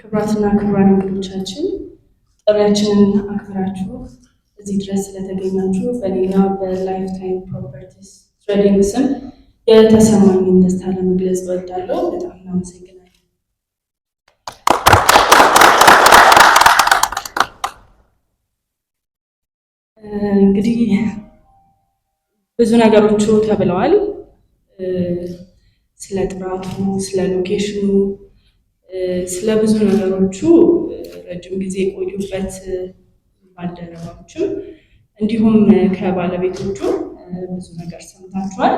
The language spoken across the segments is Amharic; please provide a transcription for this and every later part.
ክብራትና ክብራን እንግዶቻችን ጥሪያችንን አክብራችሁ እዚህ ድረስ ስለተገኛችሁ በሌላ በላይፍ ታይም ፕሮፐርቲስ ትሬዲንግ ስም የተሰማኝን ደስታ ለመግለጽ እወዳለሁ። በጣም እናመሰግናለን። እንግዲህ ብዙ ነገሮቹ ተብለዋል። ስለ ጥራቱ፣ ስለ ሎኬሽኑ ስለ ብዙ ነገሮቹ ረጅም ጊዜ የቆዩበት ባልደረባዎችም እንዲሁም ከባለቤቶቹ ብዙ ነገር ሰምታችኋል።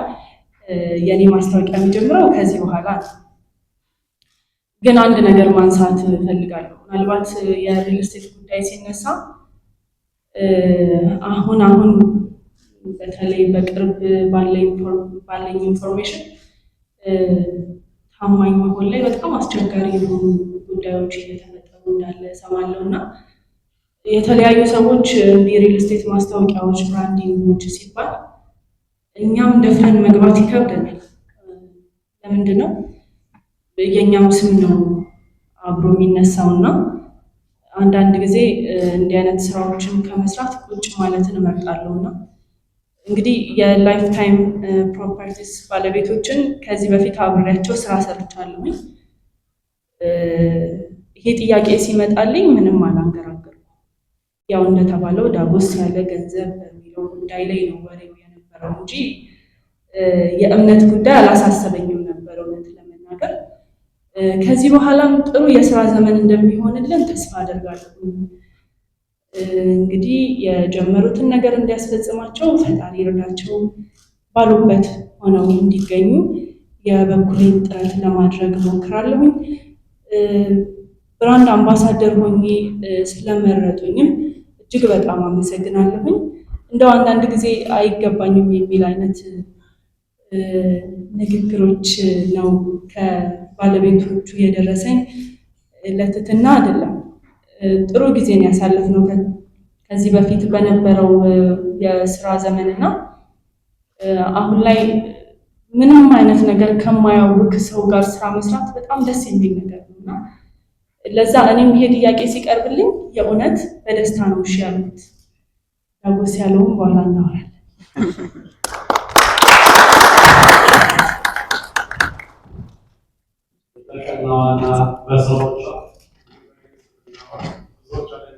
የኔ ማስታወቂያ የሚጀምረው ከዚህ በኋላ ነው። ግን አንድ ነገር ማንሳት እፈልጋለሁ። ምናልባት የሪል ስቴት ጉዳይ ሲነሳ አሁን አሁን በተለይ በቅርብ ባለኝ ኢንፎርሜሽን አማኝ መሆን ላይ በጣም አስቸጋሪ የሆኑ ጉዳዮች እየተፈጠሩ እንዳለ ሰማለው እና የተለያዩ ሰዎች የሪል ስቴት ማስታወቂያዎች፣ ብራንዲንጎች ሲባል እኛም ደፍረን መግባት ይከብደናል። ለምንድን ነው የእኛም ስም ነው አብሮ የሚነሳው እና አንዳንድ ጊዜ እንዲህ አይነት ስራዎችን ከመስራት ቁጭ ማለትን እመርጣለሁ እና እንግዲህ የላይፍ ታይም ፕሮፐርቲስ ባለቤቶችን ከዚህ በፊት አብሬያቸው ስራ ሰርቻለሁ። ይሄ ጥያቄ ሲመጣልኝ ምንም አላንገራገርኩም። ያው እንደተባለው ዳጎስ ያለ ገንዘብ በሚለው ጉዳይ ላይ ነው ወሬው የነበረው እንጂ የእምነት ጉዳይ አላሳሰበኝም ነበር እውነት ለመናገር። ከዚህ በኋላም ጥሩ የስራ ዘመን እንደሚሆንልን ተስፋ አደርጋለሁ። እንግዲህ የጀመሩትን ነገር እንዲያስፈጽማቸው ፈጣሪ ይርዳቸው፣ ባሉበት ሆነው እንዲገኙ የበኩሌን ጥረት ለማድረግ ሞክራለሁኝ። ብራንድ አምባሳደር ሆኜ ስለመረጡኝም እጅግ በጣም አመሰግናለሁኝ። እንደው አንዳንድ ጊዜ አይገባኝም የሚል አይነት ንግግሮች ነው ከባለቤቶቹ የደረሰኝ። ለትትና አይደለም ጥሩ ጊዜን ያሳለፍ ነው ከዚህ በፊት በነበረው የስራ ዘመን እና አሁን ላይ ምንም አይነት ነገር ከማያውቅ ሰው ጋር ስራ መስራት በጣም ደስ የሚል ነገር ነው እና ለዛ እኔም ይሄ ጥያቄ ሲቀርብልኝ የእውነት በደስታ ነው እሺ ያሉት። ዳጎስ ያለውን በኋላ እናወራለን።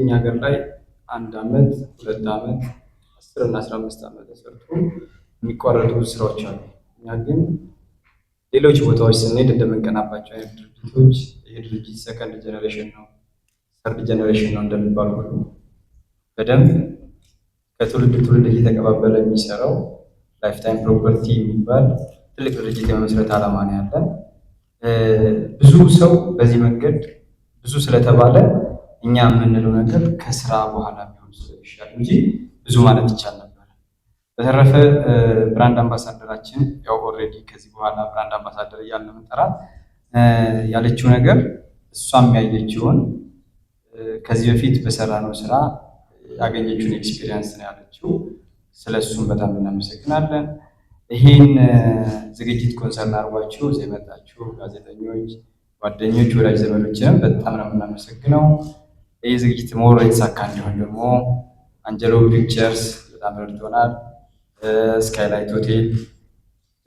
እኛ ሀገር ላይ አንድ አመት ሁለት አመት አስር እና አስራ አምስት ዓመት ተሰርቶ የሚቋረጡ ስራዎች አሉ። እኛ ግን ሌሎች ቦታዎች ስንሄድ እንደምንቀናባቸው አይነት ድርጅቶች ይሄ ድርጅት ሰከንድ ጀኔሬሽን ነው፣ ሰርድ ጀኔሬሽን ነው እንደሚባል ሁሉ በደንብ ከትውልድ ትውልድ እየተቀባበለ የሚሰራው ላይፍታይም ፕሮፐርቲ የሚባል ትልቅ ድርጅት የመመስረት ዓላማ ነው ያለን። ብዙ ሰው በዚህ መንገድ ብዙ ስለተባለ እኛ የምንለው ነገር ከስራ በኋላ ቢሆን ይሻል እንጂ ብዙ ማለት ይቻል ነበር። በተረፈ ብራንድ አምባሳደራችን ያው ኦልሬዲ ከዚህ በኋላ ብራንድ አምባሳደር እያለ መጠራት ያለችው ነገር እሷም ያየችውን ከዚህ በፊት በሰራነው ስራ ያገኘችውን ኤክስፒሪየንስ ነው ያለችው። ስለ እሱም በጣም እናመሰግናለን። ይህን ዝግጅት ኮንሰርን አድርጓችሁ እዛ የመጣችሁ ጋዜጠኞች፣ ጓደኞች፣ ወዳጅ ዘመዶችንም በጣም ነው የምናመሰግነው። ይህ ዝግጅት ሞር የተሳካ እንዲሆን ደግሞ አንጀሎ ፒክቸርስ በጣም ረድቶናል። ስካይላይት ሆቴል፣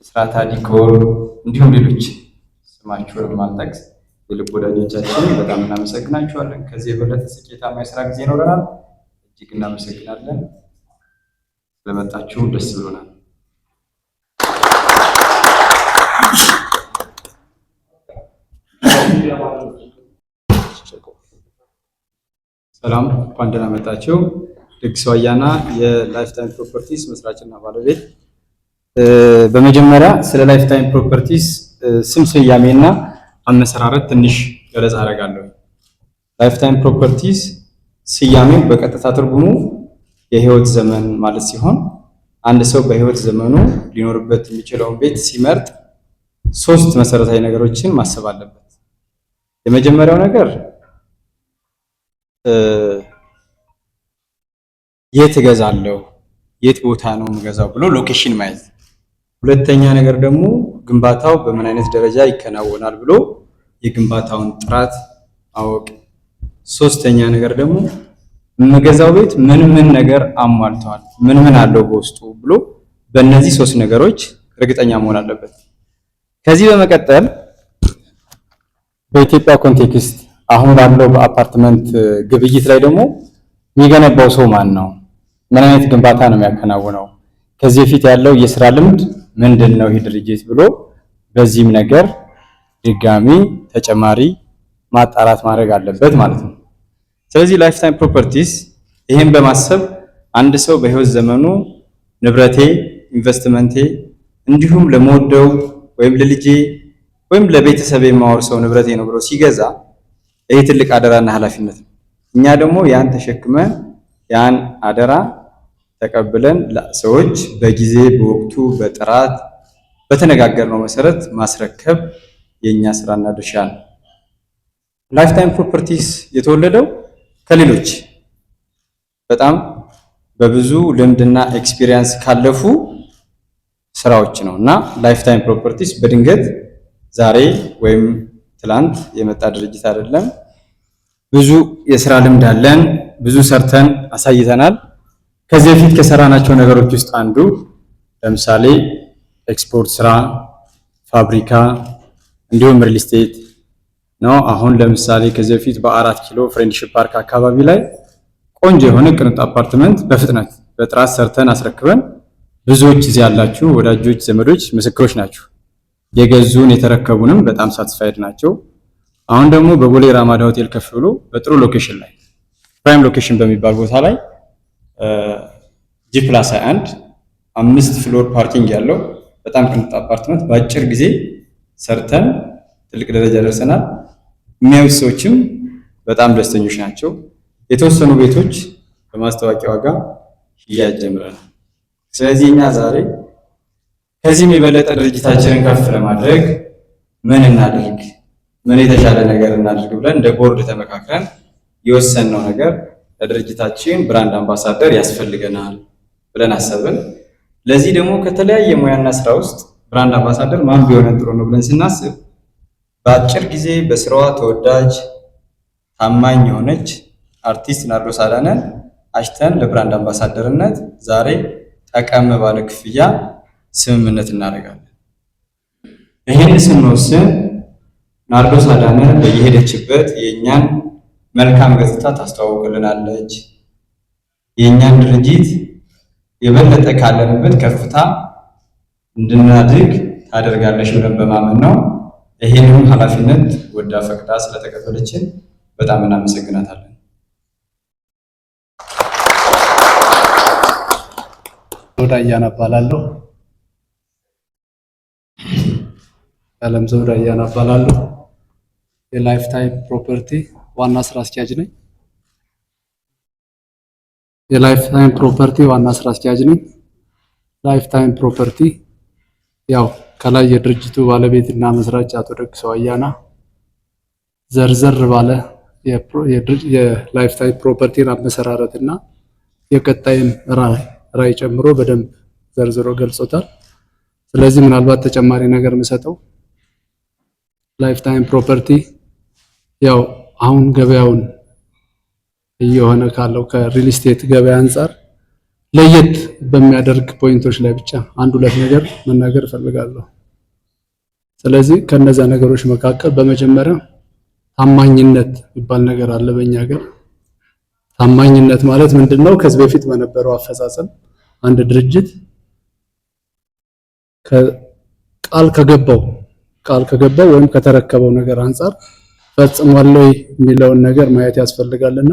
ስራታ ዲኮር እንዲሁም ሌሎች ስማችሁን ማልጠቅስ የልብ ወዳጆቻችን በጣም እናመሰግናችኋለን። ከዚህ የበለጠ ስኬታማ የስራ ጊዜ ይኖረናል። እጅግ እናመሰግናለን። ስለመጣችሁ ደስ ብሎናል። ሰላም እንኳን ደህና መጣችሁ። የላይፍ ታይም ፕሮፐርቲስ መስራችና ባለቤት። በመጀመሪያ ስለ ላይፍ ታይም ፕሮፐርቲስ ስም ስያሜና አመሰራረት ትንሽ ገለጻ አደርጋለሁ። ላይፍ ታይም ፕሮፐርቲስ ስያሜው በቀጥታ ትርጉሙ የህይወት ዘመን ማለት ሲሆን አንድ ሰው በህይወት ዘመኑ ሊኖርበት የሚችለውን ቤት ሲመርጥ ሶስት መሰረታዊ ነገሮችን ማሰብ አለበት። የመጀመሪያው ነገር የት እገዛለሁ የት ቦታ ነው የምገዛው ብሎ ሎኬሽን ማየት። ሁለተኛ ነገር ደግሞ ግንባታው በምን አይነት ደረጃ ይከናወናል ብሎ የግንባታውን ጥራት ማወቅ። ሶስተኛ ነገር ደግሞ የምገዛው ቤት ምን ምን ነገር አሟልተዋል፣ ምን ምን አለው በውስጡ ብሎ በእነዚህ ሶስት ነገሮች እርግጠኛ መሆን አለበት። ከዚህ በመቀጠል በኢትዮጵያ ኮንቴክስት አሁን ባለው በአፓርትመንት ግብይት ላይ ደግሞ የሚገነባው ሰው ማን ነው? ምን አይነት ግንባታ ነው የሚያከናውነው? ከዚህ በፊት ያለው የስራ ልምድ ምንድን ነው? ይህ ድርጅት ብሎ በዚህም ነገር ድጋሚ ተጨማሪ ማጣራት ማድረግ አለበት ማለት ነው። ስለዚህ ላይፍ ታይም ፕሮፐርቲስ ይህን በማሰብ አንድ ሰው በህይወት ዘመኑ ንብረቴ፣ ኢንቨስትመንቴ እንዲሁም ለመወደው ወይም ለልጄ ወይም ለቤተሰብ የማወርሰው ንብረቴ ነው ብሎ ሲገዛ ይህ ትልቅ አደራና ኃላፊነት ነው። እኛ ደግሞ ያን ተሸክመን ያን አደራ ተቀብለን ሰዎች በጊዜ በወቅቱ በጥራት በተነጋገርነው መሰረት ማስረከብ የእኛ ስራና ድርሻ ነው። ላይፍታይም ፕሮፐርቲስ የተወለደው ከሌሎች በጣም በብዙ ልምድና ኤክስፒሪየንስ ካለፉ ስራዎች ነው እና ላይፍታይም ፕሮፐርቲስ በድንገት ዛሬ ወይም ትላንት የመጣ ድርጅት አይደለም። ብዙ የስራ ልምድ አለን። ብዙ ሰርተን አሳይተናል። ከዚህ በፊት ከሰራናቸው ነገሮች ውስጥ አንዱ ለምሳሌ ኤክስፖርት ስራ፣ ፋብሪካ እንዲሁም ሪል ስቴት ነው። አሁን ለምሳሌ ከዚህ በፊት በአራት ኪሎ ፍሬንድሺፕ ፓርክ አካባቢ ላይ ቆንጆ የሆነ ቅንጡ አፓርትመንት በፍጥነት በጥራት ሰርተን አስረክበን ብዙዎች እዚህ ያላችሁ ወዳጆች፣ ዘመዶች ምስክሮች ናችሁ። የገዙን የተረከቡንም በጣም ሳትስፋይድ ናቸው። አሁን ደግሞ በቦሌ ራማዳ ሆቴል ከፍ ብሎ በጥሩ ሎኬሽን ላይ ፕራይም ሎኬሽን በሚባል ቦታ ላይ ጂ ፕላስ 21 አምስት ፍሎር ፓርኪንግ ያለው በጣም ቅንጡ አፓርትመንት በአጭር ጊዜ ሰርተን ትልቅ ደረጃ ደርሰናል። የሚያዩት ሰዎችም በጣም ደስተኞች ናቸው። የተወሰኑ ቤቶች በማስታወቂያ ዋጋ ሽያጭ ጀምረናል። ስለዚህ እኛ ዛሬ ከዚህም የበለጠ ድርጅታችንን ከፍ ለማድረግ ምን እናድርግ፣ ምን የተሻለ ነገር እናድርግ ብለን እንደ ቦርድ ተመካክረን የወሰንነው ነገር ለድርጅታችን ብራንድ አምባሳደር ያስፈልገናል ብለን አሰብን። ለዚህ ደግሞ ከተለያየ ሙያና ስራ ውስጥ ብራንድ አምባሳደር ማን ቢሆን ጥሩ ነው ብለን ስናስብ በአጭር ጊዜ በስራዋ ተወዳጅ ታማኝ የሆነች አርቲስት ናርዶስ አዳነን አጭተን ለብራንድ አምባሳደርነት ዛሬ ጠቀም ባለ ክፍያ ስምምነት እናደርጋለን። ይህን ስንወስን ናርዶስ አዳነ በየሄደችበት የእኛን መልካም ገጽታ ታስተዋውቅልናለች። የእኛን ድርጅት የበለጠ ካለንበት ከፍታ እንድናድግ ታደርጋለች ብለን በማመን ነው። ይህንም ኃላፊነት ወዳ ፈቅዳ ስለተቀበለችን በጣም እናመሰግናታለን። ወደ እያና እባላለሁ። የዓለም ዘውድ አያና እባላለሁ። የላይፍ ታይም ፕሮፐርቲ ዋና ስራ አስኪያጅ ነኝ። የላይፍ ታይም ፕሮፐርቲ ዋና ስራ አስኪያጅ ነኝ። ላይፍ ታይም ፕሮፐርቲ ያው ከላይ የድርጅቱ እና መስራች አቶ ደግሰው አያና ዘርዘር ባለ የላይፍ ታይም ፕሮፐርቲን እና የቀጣይን ራይ ጨምሮ በደንብ ዘርዝሮ ገልጾታል። ስለዚህ ምናልባት ተጨማሪ ነገር የምሰጠው ላይፍ ታይም ፕሮፐርቲ ያው አሁን ገበያውን እየሆነ ካለው ከሪል ስቴት ገበያ አንጻር ለየት በሚያደርግ ፖይንቶች ላይ ብቻ አንድ ሁለት ነገር መናገር እፈልጋለሁ። ስለዚህ ከነዛ ነገሮች መካከል በመጀመሪያ ታማኝነት የሚባል ነገር አለ በእኛ ሀገር። ታማኝነት ማለት ምንድን ነው? ከዚህ በፊት በነበረው አፈጻጸም አንድ ድርጅት ቃል ከገባው ቃል ከገባው ወይም ከተረከበው ነገር አንጻር ፈጽሟል ወይ የሚለውን ነገር ማየት ያስፈልጋልና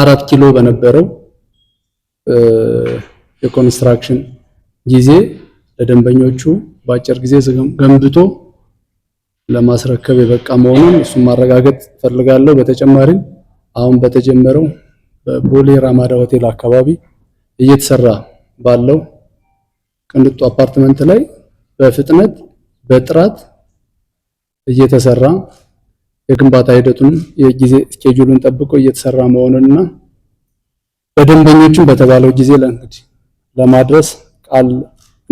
አራት ኪሎ በነበረው የኮንስትራክሽን ጊዜ ለደንበኞቹ በአጭር ጊዜ ገንብቶ ለማስረከብ የበቃ መሆኑን እሱን ማረጋገጥ ፈልጋለሁ። በተጨማሪም አሁን በተጀመረው በቦሌ ራማዳ ሆቴል አካባቢ እየተሰራ ባለው ቅንጡ አፓርትመንት ላይ በፍጥነት በጥራት እየተሰራ የግንባታ ሂደቱን የጊዜ ስኬጁሉን ጠብቆ እየተሰራ መሆኑንና በደንበኞችም በተባለው ጊዜ ለእንግዲህ ለማድረስ ቃል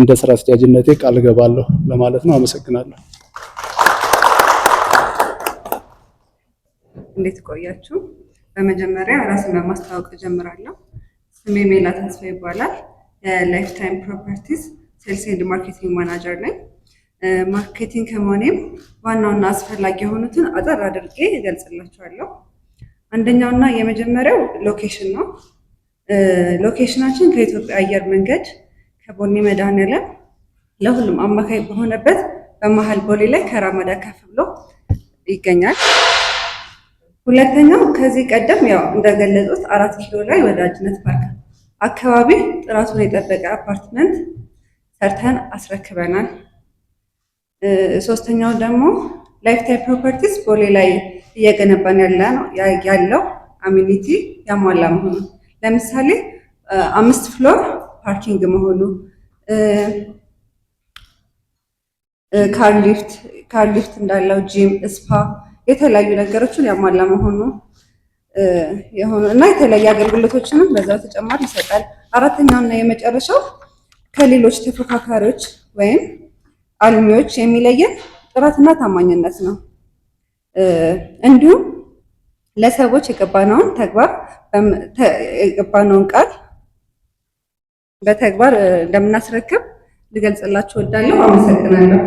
እንደ ስራ አስኪያጅነቴ ቃል እገባለሁ ለማለት ነው። አመሰግናለሁ። እንዴት ቆያችሁ? በመጀመሪያ ራስን በማስተዋወቅ እጀምራለሁ። ስሜ ሜላ ተስፋ ይባላል። የላይፍታይም ፕሮፐርቲስ ሴልስ ኤንድ ማርኬቲንግ ማናጀር ነኝ። ማርኬቲንግ ከመሆኔም ዋናውና አስፈላጊ የሆኑትን አጠር አድርጌ እገልጽላችኋለሁ። አንደኛውና የመጀመሪያው ሎኬሽን ነው። ሎኬሽናችን ከኢትዮጵያ አየር መንገድ ከቦኒ መድኃኔዓለም ለሁሉም አማካይ በሆነበት በመሀል ቦሌ ላይ ከራማዳ ከፍ ብሎ ይገኛል። ሁለተኛው ከዚህ ቀደም ያው እንደገለጹት አራት ኪሎ ላይ ወዳጅነት ፓርክ አካባቢ ጥራቱን የጠበቀ አፓርትመንት ሰርተን አስረክበናል። ሶስተኛው ደግሞ ላይፍ ታይም ፕሮፐርቲስ ቦሌ ላይ እየገነባን ያለው አሚኒቲ ያሟላ መሆኑ ለምሳሌ አምስት ፍሎር ፓርኪንግ መሆኑ ካርሊፍት ካርሊፍት እንዳለው ጂም፣ ስፓ የተለያዩ ነገሮችን ያሟላ መሆኑ የሆኑ እና የተለያዩ አገልግሎቶችንም በዛው ተጨማሪ ይሰጣል። አራተኛውና የመጨረሻው ከሌሎች ተፎካካሪዎች ወይም አልሚዎች የሚለየን ጥራትና ታማኝነት ነው። እንዲሁም ለሰዎች የገባነውን ተግባር የገባነውን ቃል በተግባር እንደምናስረክብ ልገልጽላችሁ እወዳለሁ። አመሰግናለሁ።